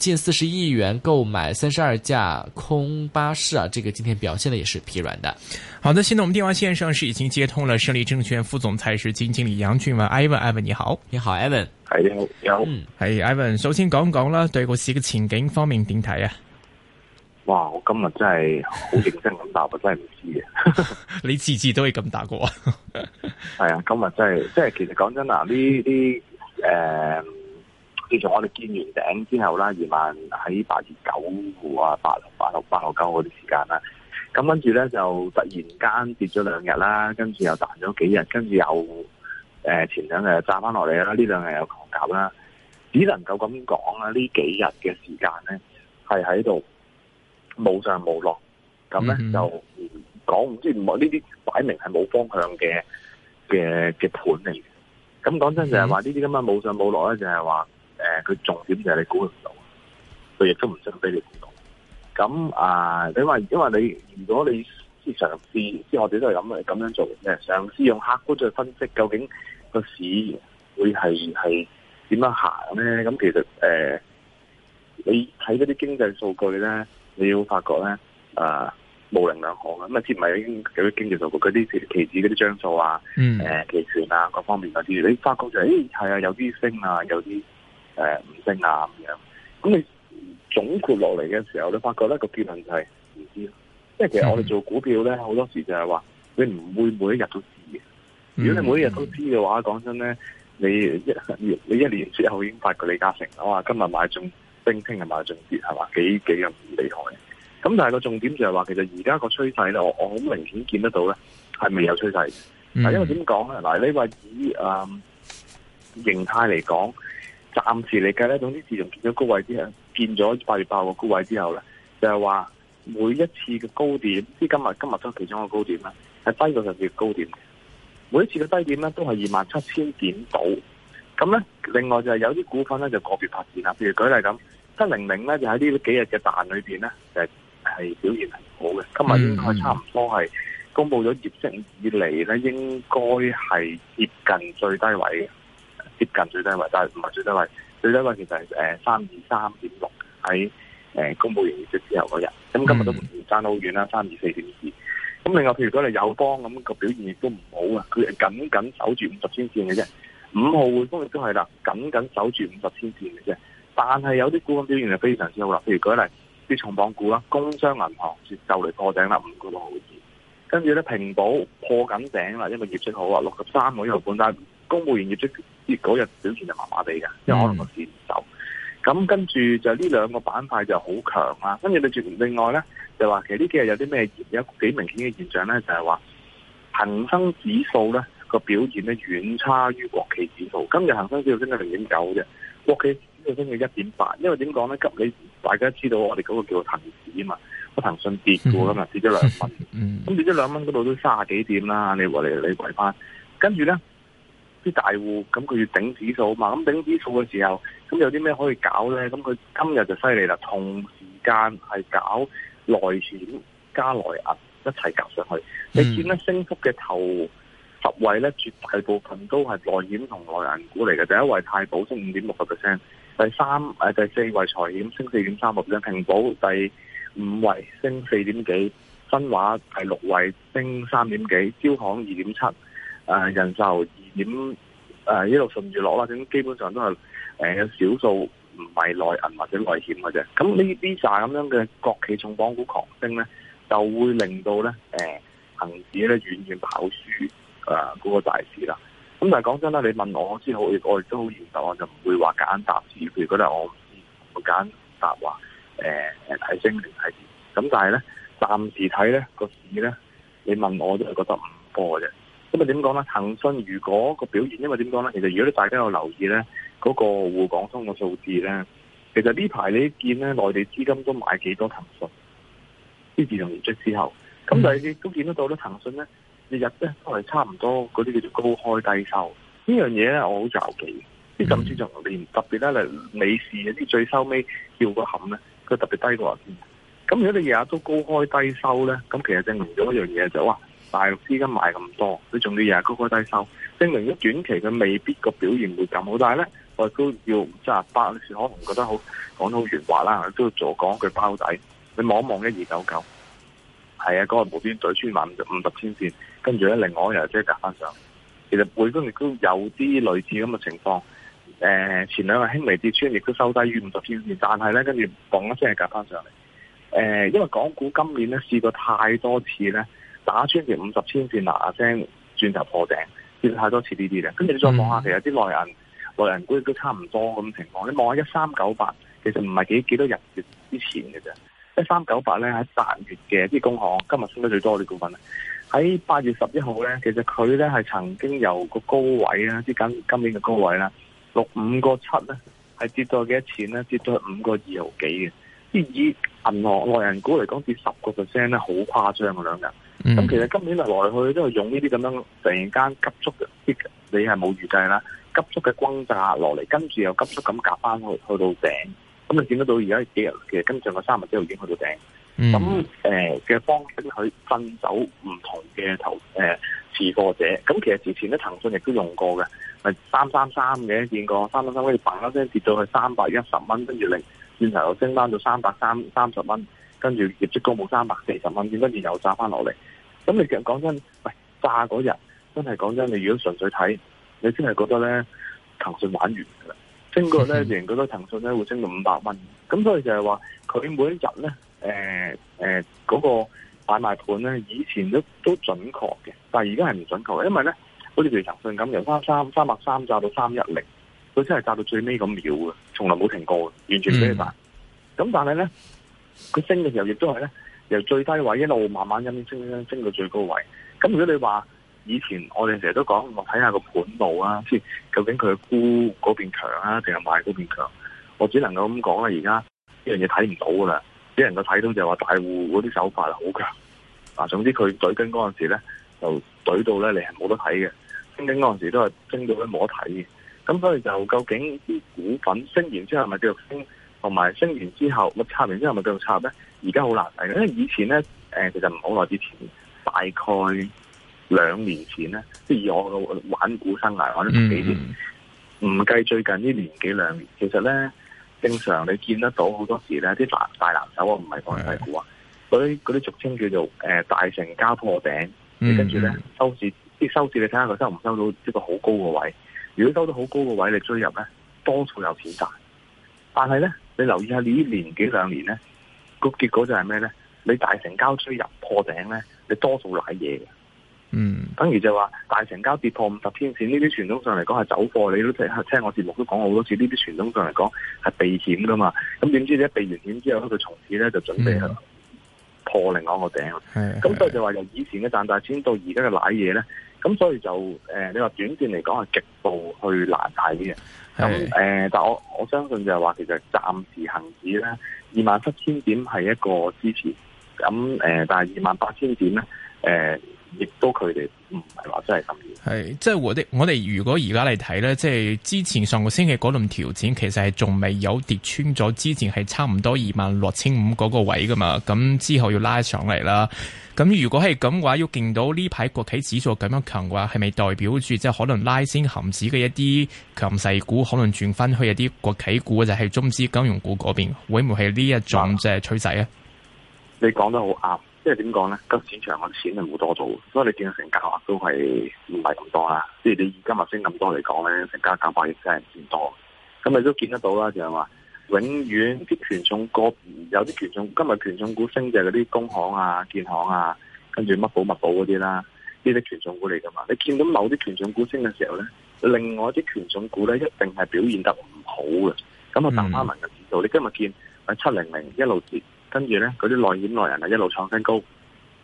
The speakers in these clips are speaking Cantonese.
近四十億元購買三十二架空巴士啊！這個今天表現的也是疲軟的。好的，現在我們電話線上是已經接通了，勝利證券副總裁、兼基金經理楊俊文。Ivan，Ivan 你好，你好 Ivan 係你好，你好。係 Ivan 首先講講啦，對個市嘅前景方面點睇啊？哇，我今日真係好認真咁答，我真係唔知嘅。 你次次都係咁答我係啊、 哎，今日真係，即係其實講真嗱，呢啲誒。自從我哋見完頂之後啦，二萬喺八月九號啊、八號、八號、八號九號嗰啲時間啦，咁跟住咧就突然間跌咗兩日啦，跟住又彈咗幾日，跟住、呃、又誒前兩日炸翻落嚟啦，呢兩日有狂搞啦，只能夠咁講啦。這幾天的無無這呢幾日嘅時間咧，係喺度冇上冇落，咁咧就講唔知唔呢啲擺明係冇方向嘅嘅嘅盤嚟。咁講真的、嗯、說這些無無就係話呢啲咁嘅冇上冇落咧，就係話。誒，佢重點就係你估唔到，佢亦都唔想俾你估到。咁啊，你話因為你如果你試嘗試，即係我哋都係咁樣咁樣做嘅。嘗試用客觀去分析，究竟個市會係係點樣行咧？咁其實誒、啊，你睇嗰啲經濟數據咧，你要發覺咧啊，模棱兩可即唔係已經經啊，咁啊，接有啲經濟數據，嗰啲期指嗰啲張數啊，誒，期權啊，各方面嗰、啊、啲，你發覺就誒，係、哎、啊，有啲升啊，有啲。誒，唔升啊，咁樣，咁你總括落嚟嘅時候，你發覺咧、個結論就係唔知，即係其實我哋做股票咧，好多時就係話你唔會每一日都知嘅、嗯。如果你每一日都知嘅話，講、嗯、真咧，你一月你一年之後已經發覺李嘉誠我話今日買中升，聽日買中跌係嘛，幾幾咁厲害。咁但係個重點就係話，其實而家個趨勢咧，我我好明顯見得到咧，係未有趨勢。嗱、嗯，因為點講咧？嗱，你話以誒、嗯、形態嚟講。暫時嚟計咧，總之自從見咗高位之後，見咗八月八號個高位之後咧，就係話每一次嘅高點，即今日今日都其中一個高點啦，係低過上次嘅高點。每一次嘅低點咧，都係二萬七千點到。咁咧，另外就係有啲股份咧就個別發展啦，譬如舉例咁，七零零咧就喺呢幾日嘅彈裏邊咧，就係係表現係好嘅。今日應該差唔多係公布咗業績以嚟咧，應該係接近最低位。接近最低位，但係唔係最低位。最低位其實係誒三二三點六，喺、呃、誒、呃、公佈完業績之後嗰日。咁、嗯、今日都仍然爭好遠啦，三二四點二。咁另外，譬如講嚟友邦咁個表現亦都唔好啊，佢係僅僅守住五十天線嘅啫。五號匯豐亦都係啦，僅僅守住五十天線嘅啫。但係有啲股份表現就非常之好啦，譬如講嚟啲重磅股啦，工商銀行就嚟破頂啦，五個半毫子。跟住咧，平保破緊頂啦，因為業績好啊，六十三個一毫半。公務員業績嗰日表現就麻麻地嘅，即、嗯、為可能個市唔走。咁跟住就呢兩個板塊就好強啦。跟住你仲另外咧，就話其實呢幾日有啲咩有幾明顯嘅現象咧，就係話恒生指數咧個表現咧遠差於國企指數。今日恒生指數升咗零點九嘅，國企指數升咗一點八。因為點講咧？急你大家知道，我哋嗰個叫做騰訊啊嘛，個騰訊跌嘅啦嘛，跌咗兩蚊。咁、嗯嗯、跌咗兩蚊嗰度都三十幾點啦，你維你維翻。跟住咧。啲大戶咁佢要頂指數嘛？咁頂指數嘅時候，咁有啲咩可以搞咧？咁佢今日就犀利啦，同時間係搞內險加內銀一齊夾上去。嗯、你見咧升幅嘅頭十位咧，絕大部分都係內險同內銀股嚟嘅。第一位太保升五點六個 percent，第三誒第四位財險升四點三個 percent，平保第五位升四點幾，新華第六位升三點幾，招行二點七，誒、啊，人就二點誒一路順住落啦，咁、啊、基本上都係誒有少數唔係內銀或者內險嘅啫。咁呢啲炸咁樣嘅國企重磅股狂升咧，就會令到咧誒恒指咧遠遠跑輸誒嗰個大市啦。咁、嗯、但係講真啦，你問我先好，我亦都好現實，我就唔會話揀答，答字，譬如覺得我我揀答話誒提升定係咁，但係咧暫時睇咧個市咧，你問我都係覺得唔多嘅啫。因咁點講咧？騰訊如果個表現，因為點講咧？其實如果啲大家有留意咧，嗰、那個滬港通個數字咧，其實呢排你見咧，內地資金都買幾多騰訊，啲自金流出之後，咁但係你都見得到咧，騰訊咧，日日咧都係差唔多嗰啲叫做高開低收。這樣呢樣嘢咧，我好著記。啲咁之就連特別咧嚟美市嗰啲最收尾叫個冚咧，佢特別低過。咁如果你日日都高開低收咧，咁其實證明咗一樣嘢就話、是，大陸資金賣咁多，你仲要日日高高低收，證明咗短期佢未必個表現會咁好。但係咧，我亦都要即係，百女可能覺得好講得好圓滑啦，都要做講句包底。你望一望咧，一二九九，係啊，嗰個無邊隊穿萬五五十天線，跟住咧，另外一人即係隔翻上。其實每個月都有啲類似咁嘅情況。誒、呃，前兩日輕微跌穿，亦都收低於五十天線，但係咧，跟住放一聲係隔翻上嚟。誒、呃，因為港股今年咧試過太多次咧。打穿條五十千線嗱嗱聲，轉頭破頂，跌太多次呢啲嘅。跟住你再望下，其實啲內銀、內銀股亦都差唔多咁情況。你望下一三九八，其實唔係幾幾多日之前嘅啫。一三九八咧喺八月嘅，啲工行今日升得最多啲股份咧，喺八月十一號咧，其實佢咧係曾經有個高位啦，啲今今年嘅高位啦，六五個七咧，係跌到幾多錢咧？跌到去五個二毫幾嘅，即以銀行、內銀股嚟講，跌十個 percent 咧，好誇張啊！兩日。咁、嗯、其實今年嚟來去都係用呢啲咁樣突然間急速啲，你係冇預計啦。急速嘅轟炸落嚟，跟住又急速咁夾翻落去到頂，咁就見得到而家幾日其實跟上個三日之後已經去到頂。咁誒嘅方式去分走唔同嘅投誒持貨者。咁其實之前咧騰訊亦都用過嘅，係三三三嘅見過三三三，跟住嘭一聲跌到去三百一十蚊，跟住轉頭，然後又升翻到三百三三十蚊，跟住業績高冇三百四十蚊，跟住又炸翻落嚟。咁你其實講真，喂、哎、炸嗰日真係講真，你如果純粹睇，你先係覺得咧騰訊玩完噶啦，升過咧贏覺得騰訊咧會升到五百蚊，咁所以就係話佢每一日咧，誒誒嗰個買賣盤咧以前都都準確嘅，但係而家係唔準確，因為咧好似譬如騰訊咁由三三三百三炸到三一零，佢真係炸到最尾咁秒嘅，從來冇停過，完全俾你彈。咁、嗯、但係咧佢升嘅時候亦都係咧。由最低位一路慢慢陰升升升升到最高位，咁如果你話以前我哋成日都講，我睇下個盤路啊，即究竟佢係沽嗰邊強啊，定係買嗰邊強？我只能夠咁講啦，而家呢樣嘢睇唔到噶啦，只能夠睇到就係話大戶嗰啲手法係好強，總之佢懟緊嗰陣時咧，就懟到咧，你係冇得睇嘅，升緊嗰陣時都係升到都冇得睇嘅，咁所以就究竟啲股份升完之後係咪繼續升？同埋升完之後，咁插完之後咪繼續插咧？而家好難睇，因為以前咧，誒、呃，其實唔好耐之前，大概兩年前咧，即係以我玩股生涯玩咗幾年，唔、嗯、計、嗯、最近呢年幾兩年，其實咧，正常你見得到好多時咧，啲大大藍籌啊，唔係講細股啊，嗰啲啲俗稱叫做誒、呃、大成交破頂，跟住咧收市，即係收市你睇下佢收唔收到一個好高嘅位？如果收到好高嘅位，你追入咧，多數有錢賺。但係咧，你留意下呢一年幾兩年咧，個結果就係咩咧？你大成交追入破頂咧，你多數瀨嘢嘅。嗯，等於就話大成交跌破五十天綫，呢啲傳統上嚟講係走貨，你都聽，聽我節目都講好多次，呢啲傳統上嚟講係避險噶嘛。咁點知你避完險之後，佢從此咧就準備去破另外一個頂。咁所以就話由以前嘅賺大錢到而家嘅瀨嘢咧。咁所以就，誒，你話短線嚟講係極度去難睇嘅，咁，誒、呃，但我我相信就係話，其實暫時恒指咧，二萬七千點係一個支持，咁，誒、呃，但係二萬八千點咧，誒、呃。亦都佢哋唔係話真係咁係，即係我哋我哋如果而家嚟睇咧，即係之前上個星期嗰輪調整，其實係仲未有跌穿咗之前係差唔多二萬六千五嗰個位噶嘛。咁之後要拉上嚟啦。咁如果係咁話，要見到呢排國企指數咁樣強嘅話，係咪代表住即係可能拉升恒指嘅一啲強勢股，可能轉翻去一啲國企股，就係中資金融股嗰邊，會唔會係呢一種即係趨勢啊？你講得好啱。即係點講咧？今日市場嘅錢係冇多到，所以你見到成交都係唔係咁多啦。即係你今日升咁多嚟講咧，成交減幅亦真係唔算多。咁你都見得到啦，就係話永遠啲權重個有啲權重今日權重股升就係嗰啲工行啊、建行啊，跟住乜寶、乜寶嗰啲啦，呢啲係權重股嚟噶嘛？你見到某啲權重股升嘅時候咧，另外一啲權重股咧一定係表現得唔好嘅。咁、嗯、啊，大花文嘅指數，你今日見七零零一路跌。跟住呢，嗰啲內演內人啊，一路創新高。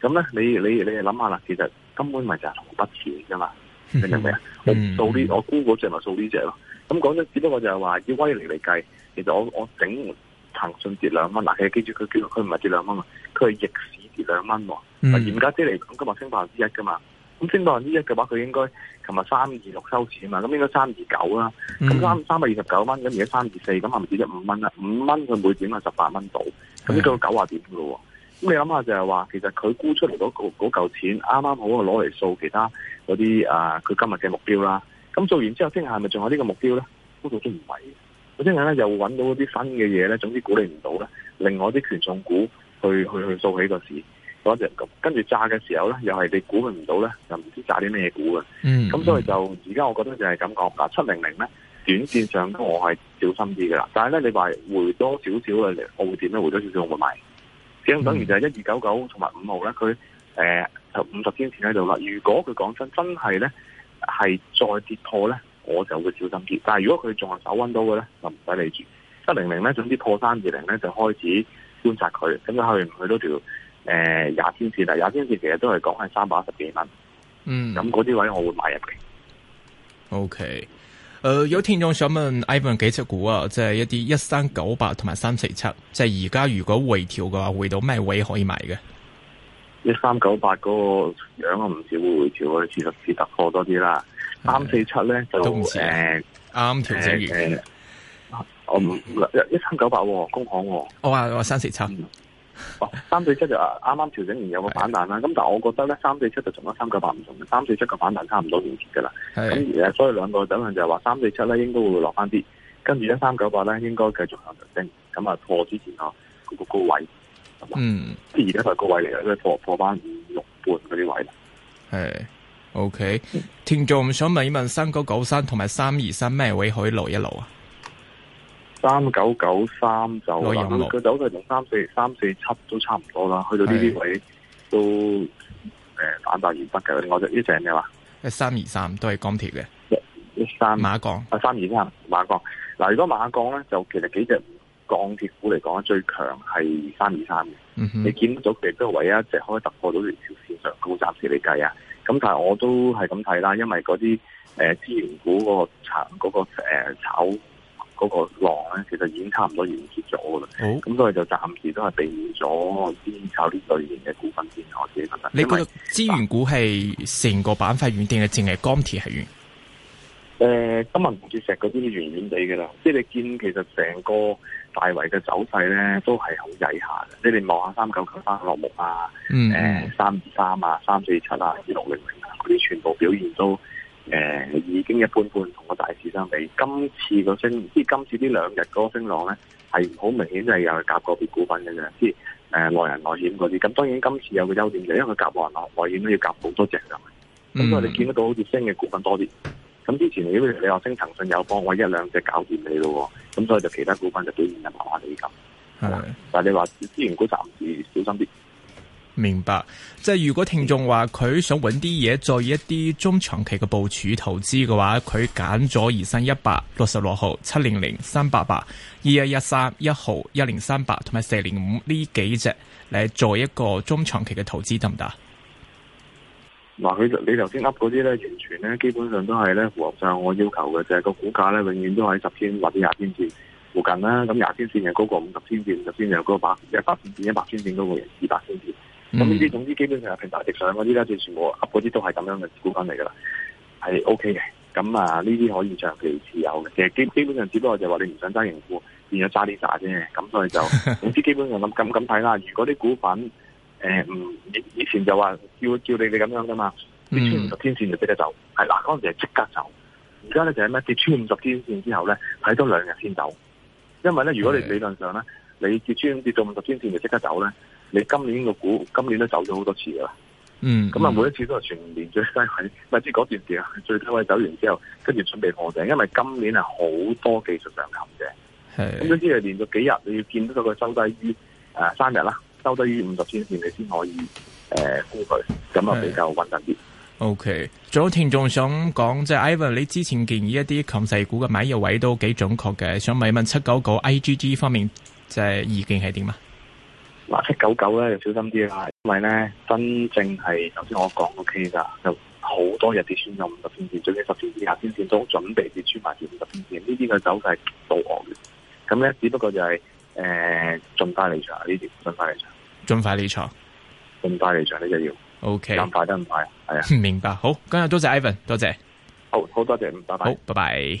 咁呢，你你你諗下啦，其實根本咪就係同筆錢㗎嘛，明唔明啊？我數呢，我 Google 隻咪數呢隻咯。咁講咗，只不過就係話以威力嚟計，其實我，我整整騰訊跌兩蚊，啊。其實記住佢佢佢唔係跌兩蚊啊，佢係逆市跌兩蚊喎。嚴格啲嚟講，今日升百分之一㗎嘛。咁先到呢一嘅話，佢應該琴日三二六收市啊嘛，咁應該三二九啦。咁三三百二十九蚊，咁而家三二四，咁係咪跌咗五蚊啊？五蚊佢每點啊十八蚊到，咁呢個九啊點噶咯？咁你諗下就係話，其實佢沽出嚟嗰個嚿錢啱啱好攞嚟掃其他嗰啲啊，佢今日嘅目標啦。咁做完之後，聽日係咪仲有呢個目標咧？估到都唔係。咁聽日咧又揾到啲新嘅嘢咧，總之鼓勵唔到咧，另外啲權重股去去去掃起個市。只咁， 跟住炸嘅時候咧，又係你估佢唔到咧，又唔知炸啲咩股嘅。咁、mm -hmm. 所以就而家我覺得就係咁講。嗱，七零零咧，短線上我係小心啲嘅啦。但係咧，你話回多少少嘅，我會點咧？回多少少我會買。咁、mm -hmm. 等於就係一二九九同埋五號咧，佢誒、呃、就五十天前喺度啦。如果佢講真真係咧係再跌破咧，我就會小心啲。但係如果佢仲係手溫到嘅咧，就唔使理住。七零零咧，總之破三二零咧，就開始觀察佢。咁佢後面去到條。誒、呃，廿天線啊，廿天線其實都係講緊三百一十幾蚊，嗯，咁嗰啲位置我會買入嘅。O K，誒，有聽眾想問，Ivan 幾隻股啊？即、就、係、是、一啲一三九八同埋三四七，即係而家如果回調嘅話，回到咩位可以買嘅？一三九八嗰個樣我唔少會回調啊，似得似得過多啲啦。三四七咧就都唔誒啱調整完。我唔一三九八工行我我話三四七。 哦，三四七就啱啱調整完有個反彈啦、啊，咁但係我覺得咧三四七就同翻三九八唔同，三四七個反彈差唔多完結噶啦，咁所以兩個等向就係話三四七咧應該會落翻啲，跟住咧三九八咧應該繼續向上升，咁啊破之前個個高位，嗯，即係而家係高位嚟啦，即係破破翻五六半嗰啲位，係，OK， 聽眾想問一問三九九三同埋三二三咩位可以留一留啊？三九九三就佢就好似同三四三四七都差唔多啦，去到呢啲位都誒反彈而翻嘅。我、呃、就呢隻咩話一三二三都係鋼鐵嘅一三馬鋼啊，三二三馬鋼。嗱，如果馬鋼咧就其實幾隻鋼鐵股嚟講咧最強係三二三嘅。嗯，你見到咗佢都唯一一隻可以突破到呢條線上高暫時嚟計啊。咁但係我都係咁睇啦，因為嗰啲誒資源股、嗰個嗰、嗰個誒、嗰個呃、炒。嗰、那個浪咧，其實已經差唔多完結咗噶啦，咁所以就暫時都係避險咗，先炒呢類型嘅股份先，我自己覺得。你覺得資源股係成個板塊完定係淨係鋼鐵係完？誒、呃，金銀同鐵石嗰邊完完地噶啦，即係你見其實成個大圍嘅走勢咧，都係好曳下嘅。你哋望下三九九三洛鉬啊，誒、嗯呃、三二三啊，三四七啊，二六零零啊，嗰啲全部表現都。誒、嗯嗯，已經一般般，同個大市相比，今次個升，即係今次呢兩日嗰個升浪咧，係好明顯就係有夾個別的股份嘅啫，即係誒內人內險嗰啲。咁當然今次有個優點就，因為佢夾外人險內險都要夾好多隻嘅。咁所以你見得到好似升嘅股份多啲。咁之前，你話升騰訊有幫我一兩隻搞掂你咯。咁所以就其他股份就表現得麻麻地咁，係但係你話資源股暫時小心啲。明白，即係如果聽眾話佢想揾啲嘢做一啲中長期嘅部署投資嘅話，佢揀咗二三一八、六十六號、七零零、三八八、二一一三、一號、一零三八同埋四零五呢幾隻嚟做一個中長期嘅投資，得唔得？嗱，佢你頭先噏嗰啲咧，完全咧基本上都係咧符合上我要求嘅，就係、是、個股價咧永遠都喺十天或者廿天線附近啦。咁廿天線又高過五十天線，五十天線又高過百，又一百天線一百天線高過二百天線。咁你知，總之基本上係平台直上嗰啲咧，就全部吸嗰啲都係咁樣嘅股份嚟噶啦，係 OK 嘅。咁、嗯、啊，呢啲可以長期持有嘅。其實基基本上只不過就話你唔想揸盈股，變咗揸啲啥啫。咁所以就總之基本上咁咁咁睇啦。如果啲股份誒，以、嗯、以前就話叫叫你哋咁樣噶嘛，跌、嗯、穿五十天線就即刻走。係、嗯、嗱，嗰陣時係即刻走。而家咧就係咩？跌穿五十天線之後咧，睇多兩日先走。因為咧，如果你理論上咧，你跌穿跌到五十天線就即刻走咧。你今年個股今年都走咗好多次噶啦，嗯，咁啊每一次都係全年最低位，咪係即係嗰段時最低位走完之後，跟住準備破頂，因為今年係好多技術上行嘅，係咁所以係連續幾日你要見到佢收低於誒三、呃、日啦，收低於五十天線你先可以誒沽佢，咁、呃、啊比較穩陣啲。O K，仲有聽眾想講即係 Ivan，你之前建議一啲禽細股嘅買入位都幾準確嘅，想問一問七九九 I G G 方面即係意見係點啊？就是嗱七九九咧要小心啲啦，因為咧真正係頭先我講 OK 噶，就好多日跌穿咗五十天線，最緊十五天線、廿天線都準備跌穿埋住五十天線，呢啲嘅走勢倒卧嘅。咁咧，只不過就係、是、誒，盡快離場，呢啲盡快離場，盡快離場，盡快離場呢就要。O K，咁快得唔快啊？係啊， 明白。好，今日多謝 Ivan，多謝。好，好多謝，拜拜，好，拜拜。